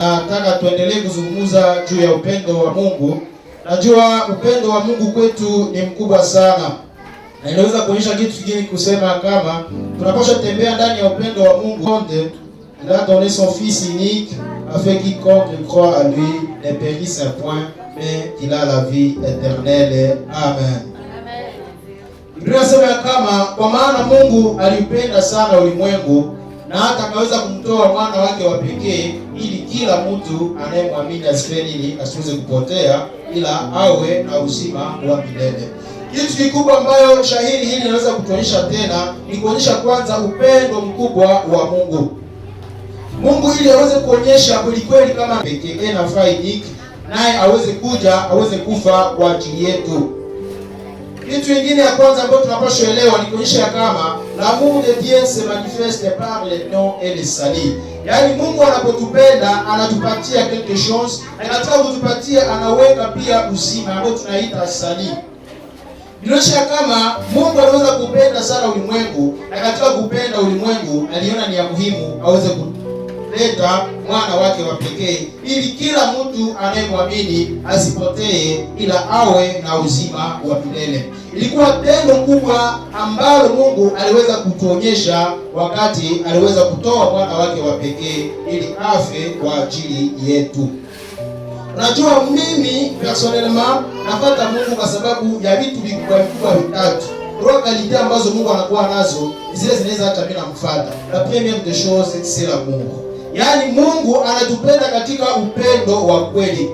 Nataka tuendelee kuzungumza juu ya upendo wa Mungu. Najua upendo wa Mungu kwetu ni mkubwa sana, na inaweza kuonyesha kitu kingine kusema kama tunapaswa tembea ndani ya upendo wa Mungu onde la donner son fils unique afin quiconque croit à lui ne périsse point mais qu'il a la vie éternelle. Amen. Biblia inasema kama kwa maana Mungu aliupenda sana ulimwengu na hata akaweza kumtoa mwana wake wa pekee, ili kila mtu anayemwamini nini, asiweze kupotea, ila awe na uzima wa milele. Kitu kikubwa ambayo shahiri hili linaweza kutuonyesha tena ni kuonyesha kwanza upendo mkubwa wa Mungu. Mungu ili aweze kuonyesha kwelikweli kama pekee na faidiki naye aweze kuja aweze kufa kwa ajili yetu. Kitu kingine ya kwanza ambayo tunapaswa elewa ni kuonyesha kama l'amour de Dieu se manifeste par le don et le salut. Yaani Mungu anapotupenda anatupatia quelque chose, anataka kutupatia anaweka pia uzima ambao tunaita salut. Inaonyesha kama Mungu anaweza kupenda sana ulimwengu na katika kupenda ulimwengu aliona ni ya muhimu aweze kuleta mwana wake wa pekee, ili kila mtu anayemwamini asipotee, ila awe na uzima wa milele. Ilikuwa tendo kubwa ambalo Mungu aliweza kutuonyesha wakati aliweza kutoa mwana wake wa pekee ili afe kwa ajili yetu. najua mimi personelma napata Mungu kwa sababu ya vitu vikubwa vikubwa vitatu rokalite ambazo Mungu anakuwa nazo zile zinaweza hata mimi namfuata na premium the shows c'est l'amour Yaani Mungu anatupenda katika upendo wa kweli.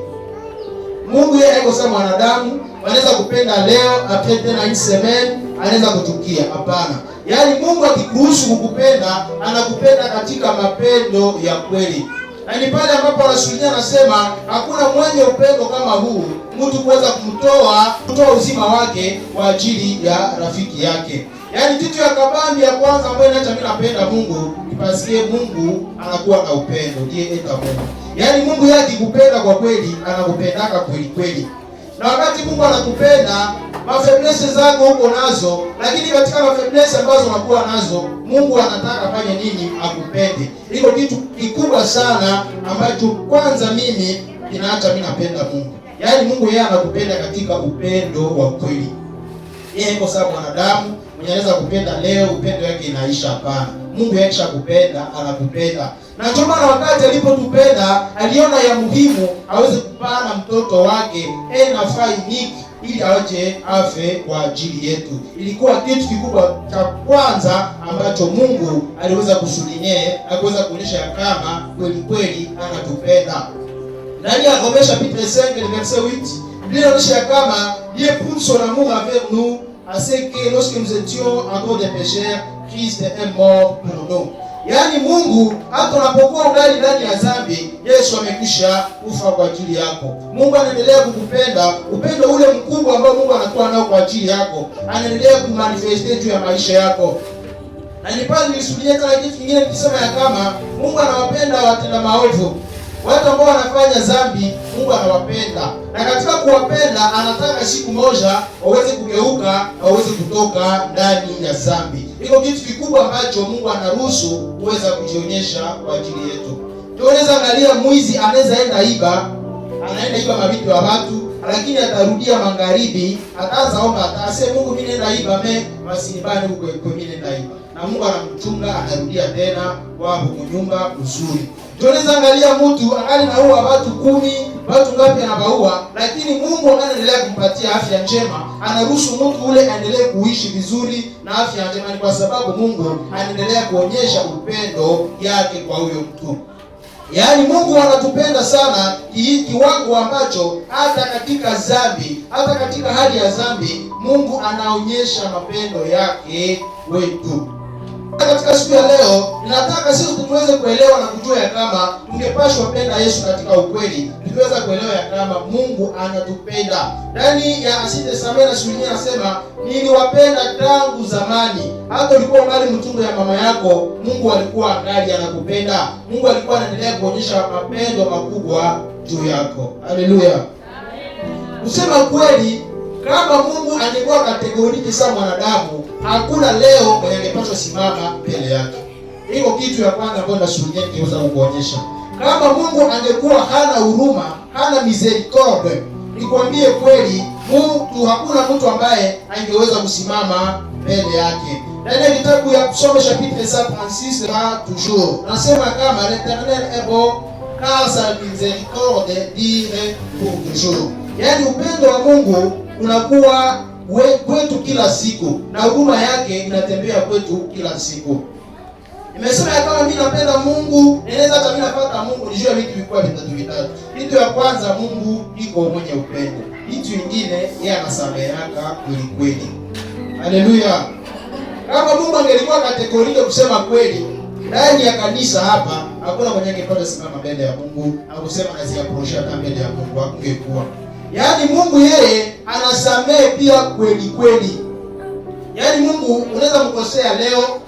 Mungu yeye haiko kama mwanadamu, anaweza kupenda leo, apende tena isemeni, anaweza kuchukia. Hapana. Yaani Mungu akikuruhusu kukupenda, anakupenda katika mapendo ya kweli. Na pale ambapo Rasulullah anasema hakuna mwenye upendo kama huu, mtu kuweza kumtoa kutoa uzima wake kwa ajili ya rafiki yake. Yaani kitu ya kabambi ya kwanza ambayo inaacha mimi napenda Mungu tukasikie Mungu anakuwa na upendo, ndiye Mungu. Yaani Mungu yeye akikupenda kwa kweli, anakupendaka kweli kweli. Na wakati Mungu anakupenda, mafeblese zako huko nazo, lakini katika mafeblese ambazo unakuwa nazo, Mungu anataka fanye nini? Akupende. Hilo kitu kikubwa sana ambacho kwanza mimi kinaacha mimi napenda Mungu. Yaani Mungu yeye anakupenda katika upendo wa kweli. Yeye kwa sababu mwanadamu mwenye anaweza kupenda leo, upendo wake inaisha hapana. Mungu akishakupenda anakupenda, na ndio maana wakati alipotupenda aliona ya muhimu aweze kupana mtoto wake enafai niki ili aje afe kwa ajili yetu. Ilikuwa kitu kikubwa cha kwanza ambacho Mungu aliweza kusulinie akuweza kuonyesha ya kama kweli kweli anatupenda. Ndani ya Romains chapitre 5 verset 8 Biblia inaonyesha ya kama il pour son amour avec nous assez que lorsque nous étions encore des pécheurs Kristo emo muno. Yaani Mungu hata unapokuwa ungali ndani ya dhambi, Yesu amekwisha kufa kwa ajili yako. Mungu anaendelea kukupenda, upendo ule mkubwa ambao Mungu anakuwa nao kwa ajili yako. Anaendelea kumanifeste juu ya maisha yako. Na nilipata nilisubiria tena kitu kingine nikisema ya kama Mungu anawapenda watenda maovu. Watu ambao wanafanya dhambi, Mungu anawapenda. Na katika kuwapenda anataka siku moja waweze kugeuka, waweze kutoka ndani ya dhambi. Iko kitu kikubwa ambacho Mungu anaruhusu kuweza kujionyesha kwa ajili yetu. Tunaweza angalia, mwizi anaweza enda iba, anaenda iba mavitu ya watu, lakini atarudia magharibi, ataanza omba, atasema Mungu, mimi nenda iba me masinibani huko, mimi nenda iba na Mungu anamchunga, atarudia tena wako kunyumba uzuri. Tunaweza angalia mtu angali naua watu kumi, watu ngapi anabaua, lakini Mungu anaendelea kumpatia afya njema, anaruhusu mtu ule aendelee kuishi vizuri na afya njema, ni kwa sababu Mungu anaendelea kuonyesha upendo yake kwa huyo mtu. Yaani Mungu anatupenda sana hii kiwango ambacho hata katika dhambi, hata katika hali ya dhambi Mungu anaonyesha mapendo yake wetu. Katika siku ya leo ninataka sisi tuweze kuelewa na kujua ya kama tungepashwa penda Yesu katika ukweli, tuweza kuelewa ya kama Mungu anatupenda. Ndani ya Agano la Kale anasema niliwapenda tangu zamani, hata ulikuwa ngali mtungo ya mama yako, Mungu alikuwa ngali anakupenda. Mungu alikuwa anaendelea kuonyesha mapendo makubwa juu yako. Haleluya, kusema kweli, kama Mungu angekuwa kategoriki sana mwanadamu hakuna leo mwenye angepaswa simama mbele yake. Hiyo kitu ya kwanza ambayo nashuhudia kiweza kukuonyesha, kama Mungu angekuwa hana huruma, hana misericordia, nikwambie kweli, Mungu hakuna mtu ambaye angeweza kusimama mbele yake. Ndani kitabu ya kusoma chapitre 136 toujours nasema kama l'Eternel est bon car sa miséricorde dure pour toujours, yaani upendo wa Mungu unakuwa we kwetu kila siku, na huduma yake inatembea kwetu kila siku. Nimesema ya kama mimi napenda Mungu, naweza hata mimi napata Mungu, nijue vitu vikubwa vitatu vitatu. Kitu ya kwanza, Mungu iko mwenye upendo. Kitu kingine, yeye anasameheaka kweli kweli. Haleluya. Kama Mungu angelikuwa kategoria kusema kweli, ndani ya kanisa hapa hakuna mwenye angepata simama mbele ya Mungu na kusema naziaprosha mbele ya Mungu, hakungekuwa. Yaani Mungu yeye anasamehe pia kweli kweli. Yaani Mungu unaweza kukosea leo,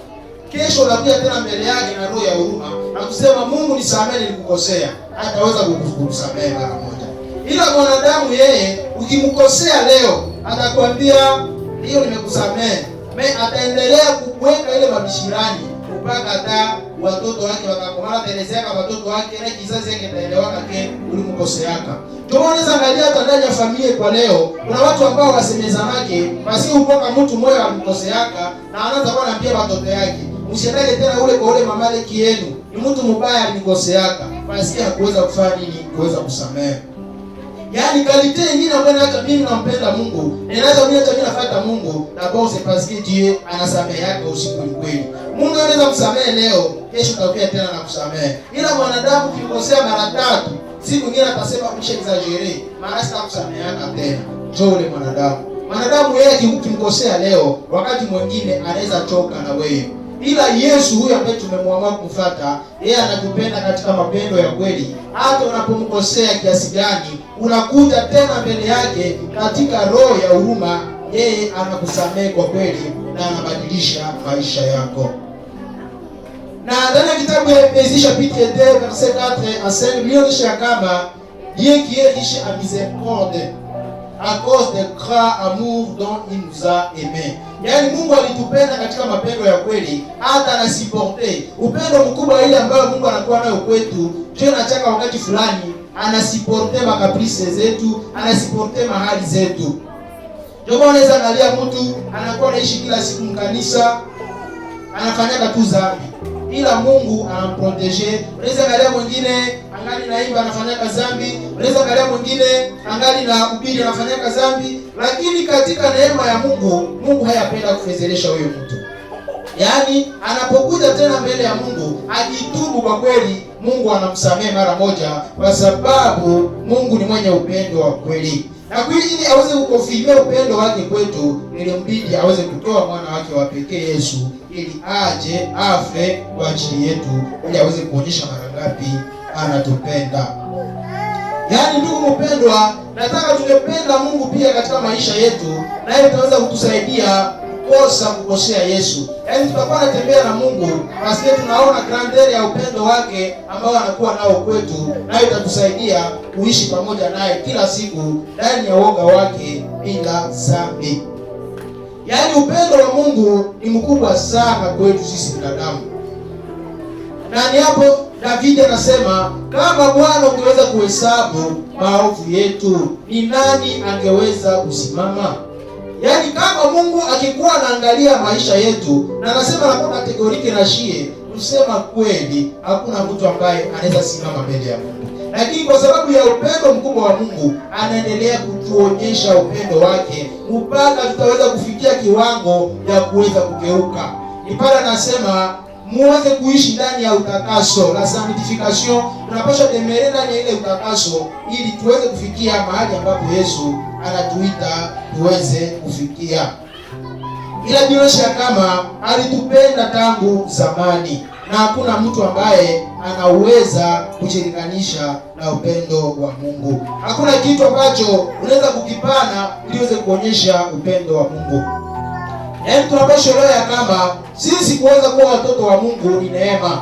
kesho unakuja tena mbele yake na roho ya huruma na kusema Mungu nisamehe, nilikukosea. Ataweza kukusamehe mara moja. Ila mwanadamu yeye ukimkosea leo, atakwambia hiyo nimekusamehe. Ataendelea kukuweka ile mabishirani mpaka hata watoto wake wakakomala pelezeka watoto wake na kizazi yake taelewaka ke ulimkoseaka. Ndio maana angalia hata ndani ya familia kwa leo kuna watu ambao wasemezanake basi upoka mtu moyo amkoseaka na anaanza kwa anaambia watoto yake msiendeke tena ule kwa ule mamaleki yenu, ni mtu mbaya, amkoseaka basi hakuweza kufanya nini, kuweza kusamehe Yaani kalite nyingine ambayo inaacha mimi nampenda Mungu. Inaweza mimi hata mimi nafuata Mungu na kwa usipasikie je, anasamehe yake usiku kweli. Mungu anaweza kusamehe leo, kesho utakuja tena na kusamehe. Ila mwanadamu ukikosea mara tatu, siku nyingine atasema mshe exaggerate, kusamehe sitakusamehe tena. Njoo ule mwanadamu. Mwanadamu yeye akikukosea leo, wakati mwingine anaweza choka na wewe ila Yesu huyo ambaye tumemwamua kumfuata, yeye anatupenda katika mapendo ya kweli. Hata unapomkosea kiasi gani, unakuja tena mbele yake katika roho ya huruma, yeye anakusamehe kwa kweli na anabadilisha maisha yako. Na ndani ya kitabu Epeisi chapitre 2 verset 4 kama Dieu qui est riche en miséricorde à cause de grand amour dont il nous a aimé. Yaani Mungu alitupenda katika mapendo ya kweli hata anasiporte. Upendo mkubwa ile ambayo Mungu anakuwa nayo kwetu, Dieu nachaka wakati fulani ma caprice zetu, anasiporte mahali zetu. Ndio maana unaweza angalia mtu anakuwa anaishi kila siku mkanisa, anafanyaka tu dhambi. Ila Mungu anamproteger. Unaweza angalia mwingine angali naimba anafanyaka dhambi, unaweza angalia mwingine angali na ubiri anafanyaka dhambi, lakini katika neema ya Mungu, Mungu hayapenda kufezelesha huyo mtu. Yaani anapokuja tena mbele ya Mungu akitubu, kwa kweli Mungu anamsamehe mara moja, kwa sababu Mungu ni mwenye upendo wa kweli na kweli ili aweze kukofilia upendo wake kwetu, ilimbidi aweze kutoa mwana wake wa pekee Yesu, ili aje afe kwa ajili yetu, ili aweze kuonyesha mara ngapi anatupenda. Yaani ndugu mpendwa, nataka tungependa Mungu pia katika maisha yetu, na yeye itaweza kutusaidia kukosa kukosea Yesu. Yaani tutakuwa natembea na Mungu, basi tunaona grandeur ya upendo wake ambao anakuwa nao kwetu, nayo itatusaidia kuishi pamoja naye kila siku ndani ya woga wake bila dhambi. Yaani upendo wa Mungu ni mkubwa sana kwetu sisi binadamu, na ni hapo David anasema kama Bwana ungeweza kuhesabu maovu yetu, ni nani angeweza kusimama? Yaani, kama Mungu akikuwa anaangalia maisha yetu na anasema hakuna kategoriki na shie, kusema kweli, hakuna mtu ambaye anaweza simama mbele ya Mungu, lakini kwa sababu ya upendo mkubwa wa Mungu anaendelea kutuonyesha upendo wake mpaka tutaweza kufikia kiwango ya kuweza kugeuka. Ipara anasema muweze kuishi ndani ya utakaso la sanctification. Tunapaswa tembelea ndani ya ile utakaso, ili tuweze kufikia mahali ambapo Yesu anatuita tuweze kufikia. Ila inaonyesha kama alitupenda tangu zamani, na hakuna mtu ambaye anaweza kujilinganisha na upendo wa Mungu. Hakuna kitu ambacho unaweza kukipana ili uweze kuonyesha upendo wa Mungu. Yaani tunapasha leo ya kama sisi kuweza kuwa watoto wa Mungu ni neema.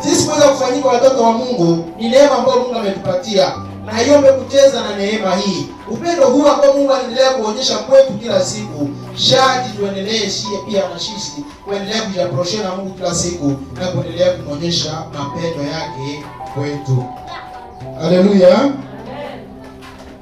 Sisi kuweza kufanyika watoto wa Mungu ni neema ambayo Mungu ametupatia, na iombe kucheza na neema hii. Upendo huu ambao Mungu anaendelea kuonyesha kwetu kila siku, shati tuendelee shie pia na sisi kuendelea kujiaproshia na Mungu kila siku na kuendelea kumwonyesha mapendo yake kwetu. Haleluya.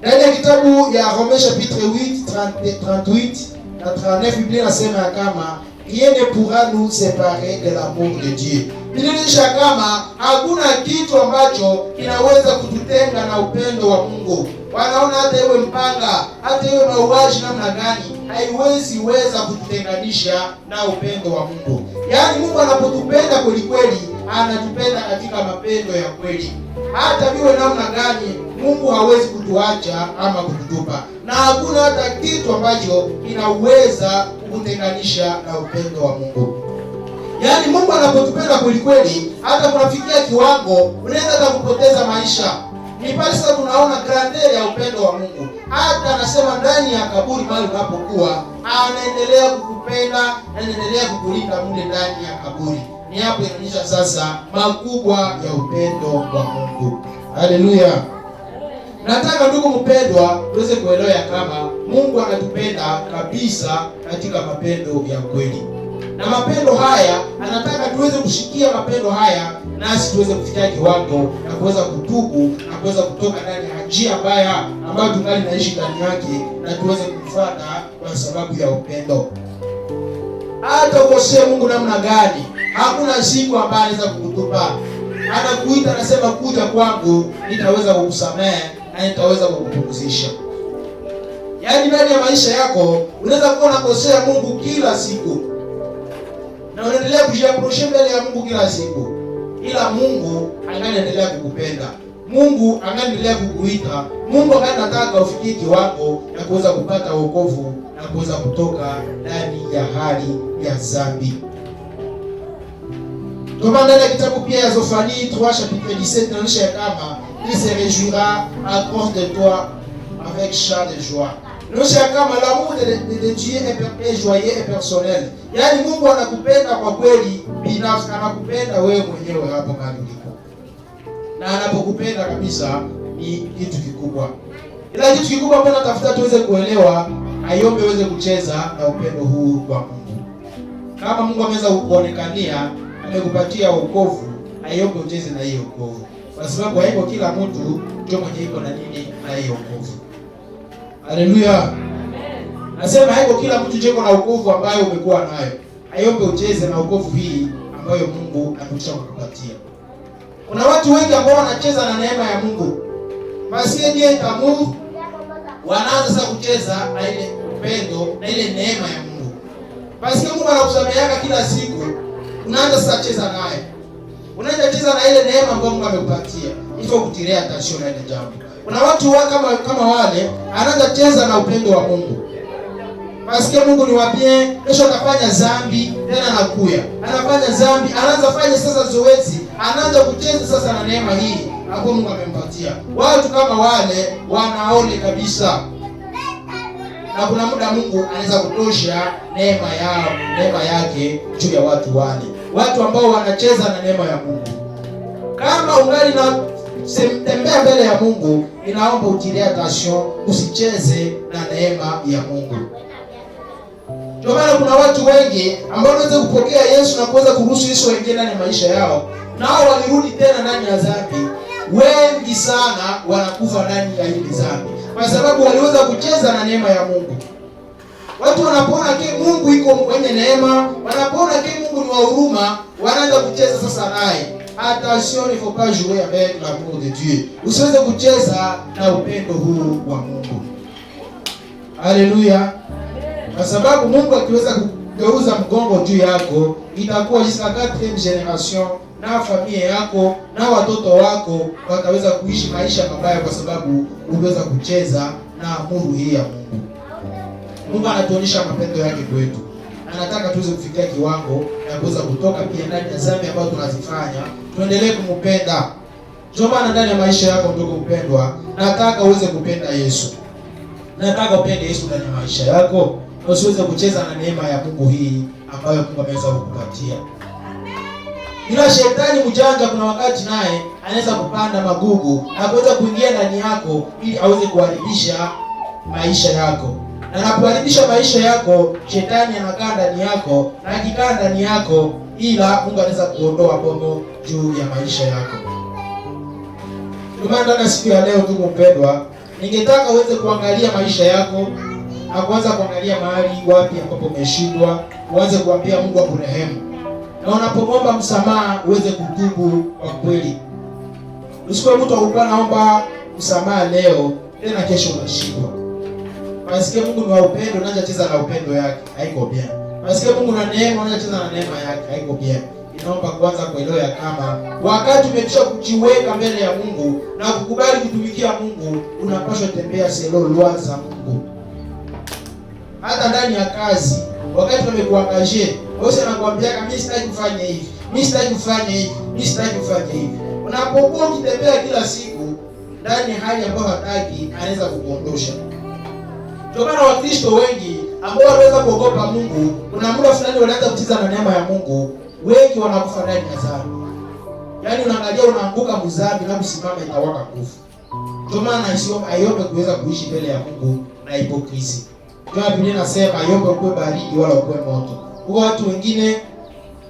Ndani ya kitabu ya Romesha chapitre 8 38 la 39 Biblia nasema ya kama rien ne pourra nous séparer de l'amour de Dieu. Inaonyesha kama hakuna kitu ambacho kinaweza kututenga na upendo wa Mungu. Wanaona hata iwe mpanga, hata iwe mauaji namna gani, haiwezi weza kututenganisha na upendo wa Mungu. Yaani Mungu anapotupenda kwelikweli anatupenda katika mapendo ya kweli. Hata viwe namna gani, Mungu hawezi kutuacha ama kututupa, na hakuna hata kitu ambacho kinaweza kutenganisha na upendo wa Mungu. Yaani Mungu anapotupenda kwelikweli, hata kunafikia kiwango unaweza hata kupoteza maisha. Ni pale sasa tunaona grandeur ya upendo wa Mungu. Hata anasema ndani ya kaburi pale unapokuwa, anaendelea kukupenda, anaendelea kukulinda mule ndani ya kaburi ni hapo inaonyesha sasa makubwa ya upendo wa Mungu. Haleluya! Nataka ndugu mpendwa, tuweze kuelewa ya kama Mungu anatupenda kabisa katika mapendo ya kweli, na mapendo haya anataka tuweze kushikia mapendo haya, nasi tuweze kufikia kiwango na kuweza kutubu na kuweza kutoka ndani ya njia mbaya ambayo tungali naishi ndani yake, na tuweze kumfuata kwa sababu ya upendo. Hata ukosea Mungu namna gani Hakuna shingo ambaye anaweza kukutupa. Anakuita, anasema kuja kwangu, nitaweza kukusamehe na nitaweza kukupumzisha. Yaani ndani ya maisha yako unaweza kuwa unakosea Mungu kila siku na unaendelea kujiaproshe mbele ya Mungu kila siku, ila Mungu anaendelea kukupenda. Mungu anaendelea kukuita. Mungu anataka ufikie kiwango na kuweza kupata wokovu na kuweza kutoka ndani ya hali ya dhambi. Tukaangalia kitabu pia ya Zofani 3 chapitre 17 naonyesha ya kama il se réjouira à cause de toi avec chant de joie. Naonyesha ya kama l'amour de Dieu est joyeux et personnel. Yaani Mungu anakupenda kwa kweli binafsi, anakupenda wewe mwenyewe hapo kamilika. Na anapokupenda kabisa ni kitu kikubwa. Ila kitu kikubwa mbona tafuta tuweze kuelewa, aiombe uweze kucheza na upendo huu kwa Mungu. Kama Mungu ameweza kuonekania amekupatia wokovu, aiombe ucheze na hiyo wokovu, kwa sababu haiko kila mtu ndio mwenye iko na nini na hiyo wokovu. Haleluya, nasema haiko kila mtu ndio iko na wokovu ambayo umekuwa nayo. Aiombe ucheze na wokovu hii ambayo Mungu amekwisha kukupatia. Kuna watu wengi ambao wanacheza na neema ya Mungu, masiedie tamu, wanaanza sasa kucheza na ile upendo na ile neema ya Mungu. Basi Mungu anakusameheaga kila siku unaanza sasa cheza naye, unaenda cheza na ile neema ambayo Mungu amekupatia, hivyo kutilia tashio na ile jambo. Kuna watu wa kama kama wale anaanza cheza na upendo wa Mungu, asikia Mungu ni wapie, kesho atafanya zambi tena, anakuya anafanya zambi, anaanza fanya sasa zoezi, anaanza kucheza sasa na neema hii ambayo Mungu amempatia. Watu kama wale wanaone kabisa na kuna muda Mungu anaweza kutosha neema yao neema yake juu ya watu wale watu ambao wanacheza na neema ya Mungu. Kama ungali na simtembea mbele ya Mungu, inaomba utilie attention, usicheze na neema ya Mungu. Ndio maana kuna watu wengi ambao wanaweza kupokea Yesu na kuweza kuruhusu Yesu aingie ndani ya maisha yao, nao walirudi tena ndani ya dhambi. Wengi sana wanakufa ndani ya hili dhambi, kwa sababu waliweza kucheza na neema ya Mungu. Watu wanapoona ke Mungu iko mwenye neema, wanapoona ke Mungu ni wa huruma, wanaanza kucheza sasa naye. Attention, il faut pas jouer avec l'amour de Dieu. Usiweze kucheza na upendo huu wa Mungu. Haleluya. Kwa sababu Mungu akiweza kugeuza mgongo juu yako, itakuwa jusqu'à 4e na familia yako na watoto wako wataweza kuishi maisha mabaya, kwa sababu uliweza kucheza na amuru hii ya Mungu. Mungu anatuonyesha mapendo yake kwetu, anataka tuweze kufikia kiwango na kuweza kutoka pia ndani ya dhambi ambazo tunazifanya, tuendelee kumpenda. Ndio maana ndani ya maisha yako mdogo mpendwa, nataka uweze kupenda Yesu, nataka upende Yesu ndani ya maisha yako, na usiweze kucheza na neema ya Mungu hii ambayo Mungu ameweza kukupatia. Ila shetani mjanja, kuna wakati naye anaweza kupanda magugu na kuweza kuingia ndani yako ili aweze kuharibisha maisha yako na nakuharibisha maisha yako. Shetani anakaa ndani yako na akikaa ndani yako, ila Mungu anaweza kuondoa bomo juu ya maisha yako. Ndio maana ndani siku ya leo, ndugu mpendwa, ningetaka uweze kuangalia maisha yako na kuanza kuangalia mahali wapi ambapo umeshindwa, uanze kuambia Mungu akurehemu, na unapomwomba msamaha uweze kutubu kwa kweli. Usikuwe mtu akukuwa naomba msamaha leo tena kesho unashindwa Unasikia Mungu ni wa upendo, unaweza cheza na upendo yake, haiko bia. Unasikia Mungu na neema, unaweza cheza na neema yake, haiko bia. Inaomba kwanza kuelewa ya kama wakati umekisha kujiweka mbele ya Mungu na kukubali kutumikia Mungu, unapaswa tembea selo luanza Mungu. Hata ndani ya kazi, wakati wamekuangaje, wewe anakuambia kama mimi sitaki kufanya hivi, mimi sitaki kufanya hivi, mimi sitaki kufanya hivi. Unapokuwa ukitembea kila siku ndani hali ambayo hataki, anaweza kukuondosha. Ndio maana Wakristo wengi ambao wanaweza kuogopa Mungu, kuna muda fulani wanaanza kucheza na neema ya Mungu, wengi wanakufa ndani ya dhambi. Yaani unaangalia unaanguka muzambi na kusimama itawaka kufa. Ndio maana sio Ayombe kuweza kuishi mbele ya Mungu na hipokrisi. Ndio Biblia inasema Ayombe ukuwe baridi wala ukuwe moto. Kwa watu wengine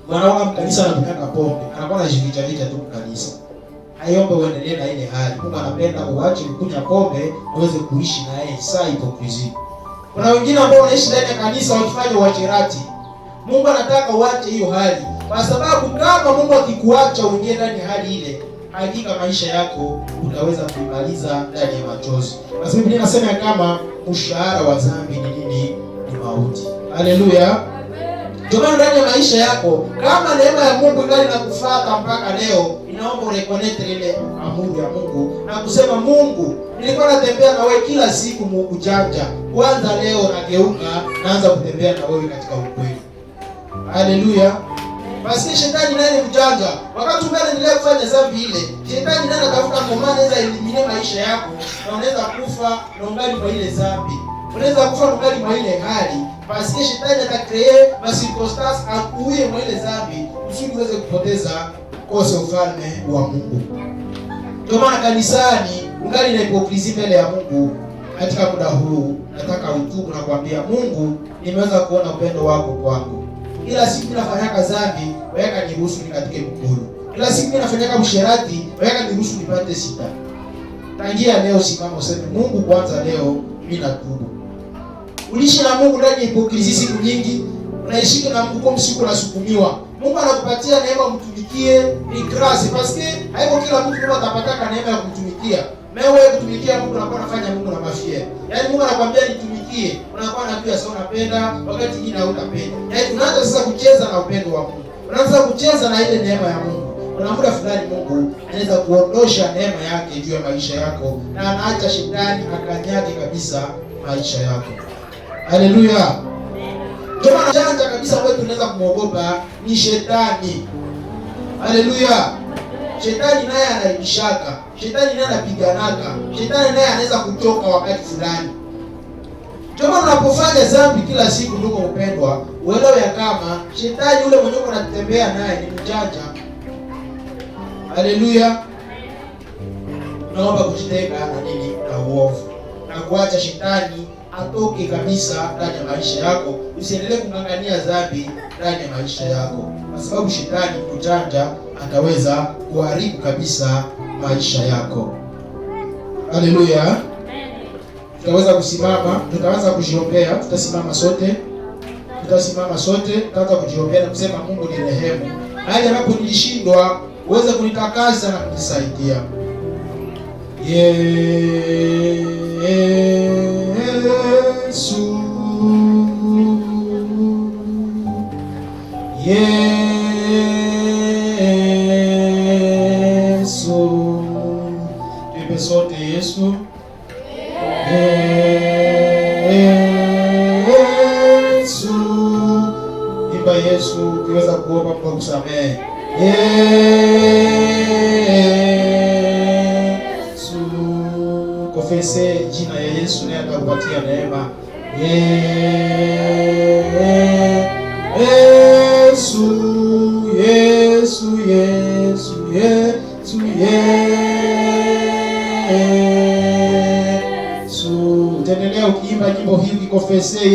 wanaoga kanisa na kupanga pombe, anakuwa anajivicha vicha tu kanisa ayombe uendelee na ile hali. Mungu anapenda uache kunywa pombe uweze kuishi na yeye saa hipokrizia. Kuna wengine ambao wanaishi ndani ya kanisa wakifanya uasherati. Mungu anataka uache hiyo hali, kwa sababu kama Mungu akikuacha uingie ndani ya hali ile, hakika maisha yako utaweza kuimaliza ndani ya machozi, kwa sababu Biblia inasema kama mshahara wa dhambi ni nini? Ni mauti. Haleluya. Ndio ndani ya maisha yako, kama neema ya Mungu ingali na inakufuata mpaka leo, inaomba ureconnect ile amuru ya Mungu na kusema, Mungu, nilikuwa natembea na wewe kila siku, Mungu janja, kwanza leo nageuka, naanza kutembea na wewe katika ukweli. Haleluya! Basi shetani naye mjanja, wakati mbele endelea kufanya dhambi ile, shetani naye anatafuta komana anaweza elimine maisha yako, na unaweza kufa na ungali kwa ile dhambi, unaweza kufa na ungali kwa ile hali parce que shetani atacree macirconstance akuuye mwa ile kusudi uweze kupoteza kose ufalme wa Mungu. Ndio maana kanisani ungali na hipokrisi mbele ya Mungu. Katika muda huu nataka utubu na kuambia Mungu, nimeweza kuona upendo wako kwangu. Kila siku nafanyaka dhambi, weka niruhusu nikatike mkono. Kila siku nafanyaka usherati, weka niruhusu nipate sita. Tangia leo simama useme Mungu, kwanza leo mimi natubu. Ulishi na Mungu ndani ya hipokrizia siku nyingi, unaishika na mguko msiku unasukumiwa. Mungu anakupatia neema umtumikie, ni grace parce haiko kila mtu kama atapata neema ya kumtumikia. Na wewe kutumikia Mungu unakuwa unafanya Mungu na mafia. Yaani Mungu anakuambia nitumikie, unakuwa unajua sasa unapenda, wakati mwingine hautapenda. Yaani unaanza sasa kucheza na upendo wa Mungu. Unaanza kucheza na ile neema ya Mungu. Kuna muda fulani Mungu anaweza kuondosha neema yake juu ya maisha yako na anaacha shetani akanyage kabisa maisha yako. Haleluya. Janja kabisa wewe tunaweza kumwogopa ni shetani. Haleluya. Shetani naye anaibishaka, shetani naye anapiganaka, shetani naye anaweza kuchoka wakati fulani. Kama unapofanya dhambi kila siku, ndugu mpendwa, uelewe ya kama shetani yule mwenyewe unatembea naye ni mjanja. Haleluya. Naomba kujitenga na nini na uovu na kuacha shetani atoke kabisa ndani ya maisha yako. Usiendelee kung'ang'ania dhambi ndani ya maisha yako, kwa sababu shetani kuchanja ataweza kuharibu kabisa maisha yako. Haleluya! Tutaweza kusimama, tutaanza kujiombea, tutasimama sote, tutasimama sote, tutaanza kujiombea na kusema, Mungu ni rehemu, hali nilishindwa uweze kunitakasa na kunisaidia. yeah.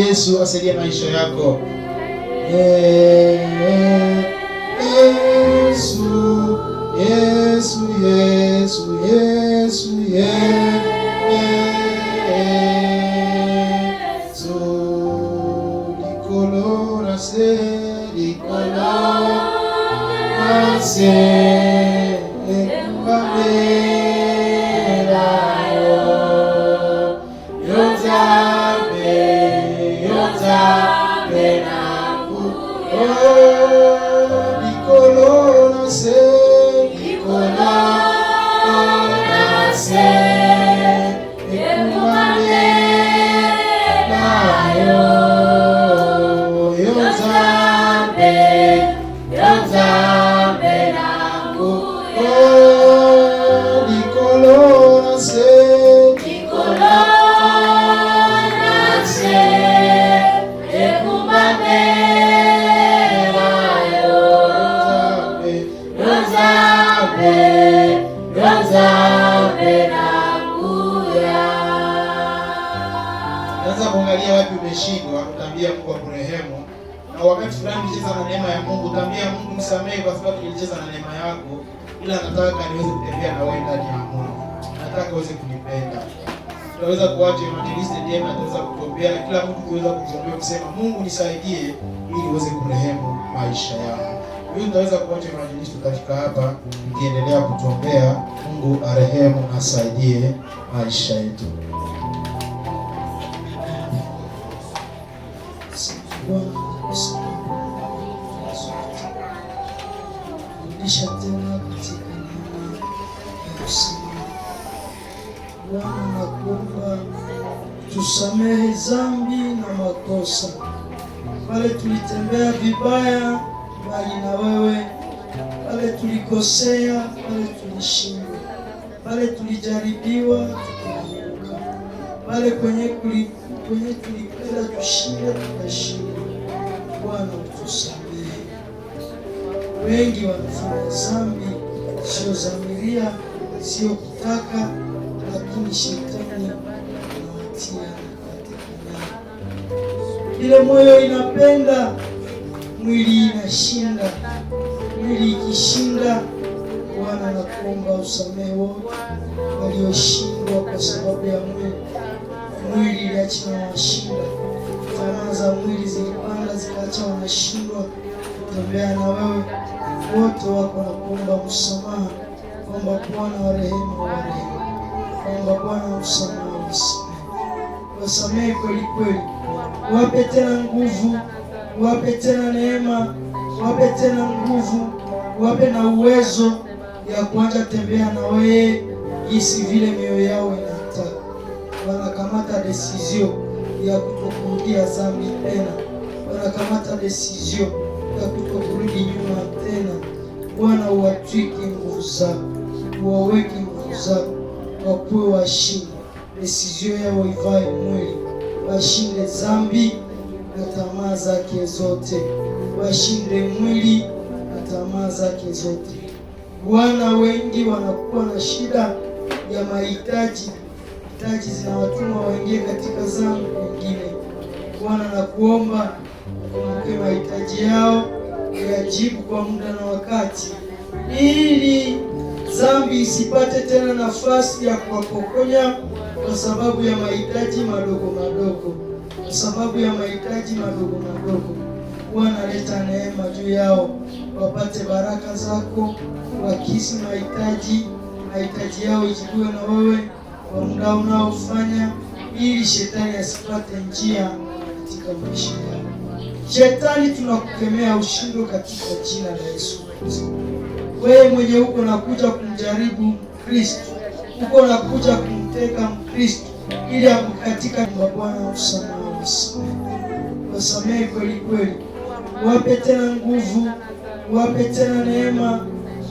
Yesu asaidie maisha yako. Yesu, Yesu, Yesu, Yesu, Yesu, nikolora se, nikolora se, ameshindwa, utaambia Mungu akurehemu. Na wakati fulani nilicheza na neema ya Mungu, utaambia Mungu msamehe, kwa sababu nilicheza na neema yako, ila nataka niweze kutembea na wewe ndani ya Mungu, nataka uweze kunipenda. Tutaweza kuacha evangelist neema, tutaweza kutuombea na kila mtu kuweza kutuombea kusema, Mungu nisaidie, ili uweze kurehemu maisha yangu. Hiyo tutaweza kuacha evangelist katika hapa, mkiendelea kutuombea Mungu arehemu, na asaidie maisha yetu. Rudisha tena katika neema ya uzima. Bwana, nakuomba tusamehe dhambi na makosa pale tulitembea vibaya mbali na wewe, pale tulikosea, pale tulishindwa, pale tulijaribiwa tukaanguka, pale kwenye kwenye tulikwenda tushinde tukashinda wengi wanafanya dhambi siyozamiria, sio kutaka, lakini shetani anawatia katika ile moyo inapenda mwili inashinda. Mwili ikishinda, Bwana anakuomba usamehe wote walioshindwa kwa sababu ya mwili. Mwili iliacha wanashinda, tamaa za mwili zilipanda zikaacha wanashindwa kutembea na wewe wote wako na kuomba msamaha, kwamba Bwana wa rehema, wa rehema, kwamba Bwana msamaha, wasamehe kweli kweli, wape tena nguvu, wape tena neema, wape tena nguvu, wape na uwezo ya kuanza tembea na wewe jinsi vile mioyo yao inataka. Wanakamata desizio ya kutokurudia dhambi tena, wanakamata desizio ya kutoku Ijumaa tena. Bwana, uwatwike nguvu zako, uwaweke nguvu zako, wakuwe washinde, desizio yao ivae mwili, washinde zambi na tamaa zake zote, washinde mwili na tamaa zake zote. Bwana, wengi wanakuwa na shida ya mahitaji, hitaji zinawatuma waingie katika zangu wengine Bwana, nakuomba kumbuke mahitaji yao ukiajibu kwa muda na wakati, ili dhambi isipate tena nafasi ya kuwapokonya kwa sababu ya mahitaji madogo madogo, kwa sababu ya mahitaji madogo madogo. Bwana, leta neema juu yao, wapate baraka zako, wakisi mahitaji mahitaji yao ijibiwe na wewe kwa muda unaofanya, ili shetani asipate njia katika maisha yao. Shetani, tunakukemea ushindo katika jina la Yesu Kristo. Wewe mwenye uko nakuja kumjaribu Kristo, uko nakuja kumteka Mkristo ili kwa Bwana usamahani, wasamehe kweli kweli, wape tena nguvu, wape tena neema,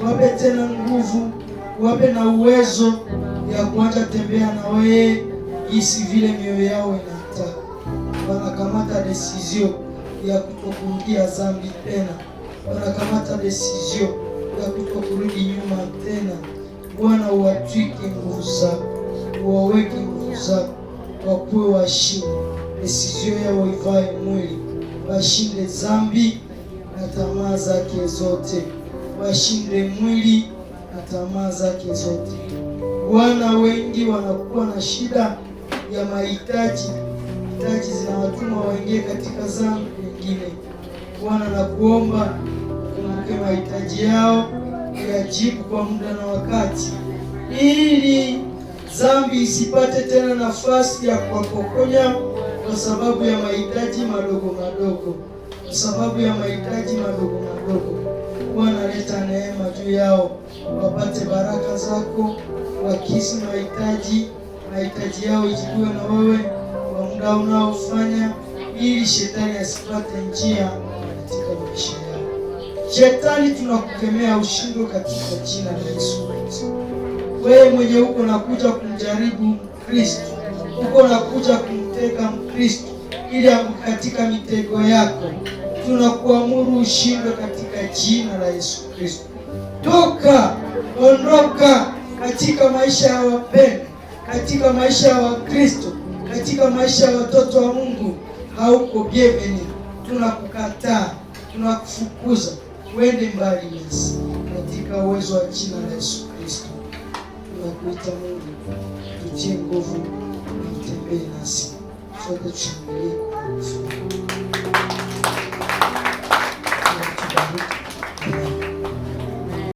wape tena nguvu, wape na uwezo ya kuanza tembea na wewe, isi vile mioyo yao inataka, wanakamata decision ya kutokurudia zambi tena, wanakamata desizio ya kutokurudi nyuma tena. Bwana, uwatwike nguvu zako, uwaweke nguvu zako, wakuwe washinde desizio yao ivae mwili, washinde zambi na tamaa zake zote, washinde mwili na tamaa zake zote. Bwana, wengi wanakuwa na shida ya mahitaji, hitaji zinawatuma waingie katika zambi mengine. Bwana, na kuomba kumbuke mahitaji yao, yajibu kwa muda na wakati, ili dhambi isipate tena nafasi ya kuwapokonya kwa sababu ya mahitaji madogo madogo, kwa sababu ya mahitaji madogo madogo. Bwana, leta neema juu yao, wapate baraka zako, wakisi mahitaji mahitaji yao ijibiwe na wewe kwa muda unaofanya ili shetani asipate njia katika maisha yako. Shetani, tunakukemea ushindwe katika jina la Yesu Kristo. Wewe mwenye uko nakuja kumjaribu Mkristo, uko nakuja kumtega Mkristo ili katika mitego yako, tunakuamuru ushindwe katika jina la Yesu Kristo. Toka, ondoka katika maisha ya wapendwa, katika maisha ya Wakristo, katika maisha ya watoto wa Mungu hauko bienveni, tunakukataa, tunakufukuza, uende mbali nasi. Katika uwezo wa jina la Yesu Kristo tunakuita Mungu, tutie nguvu, utembee nasi sote, tushangilie.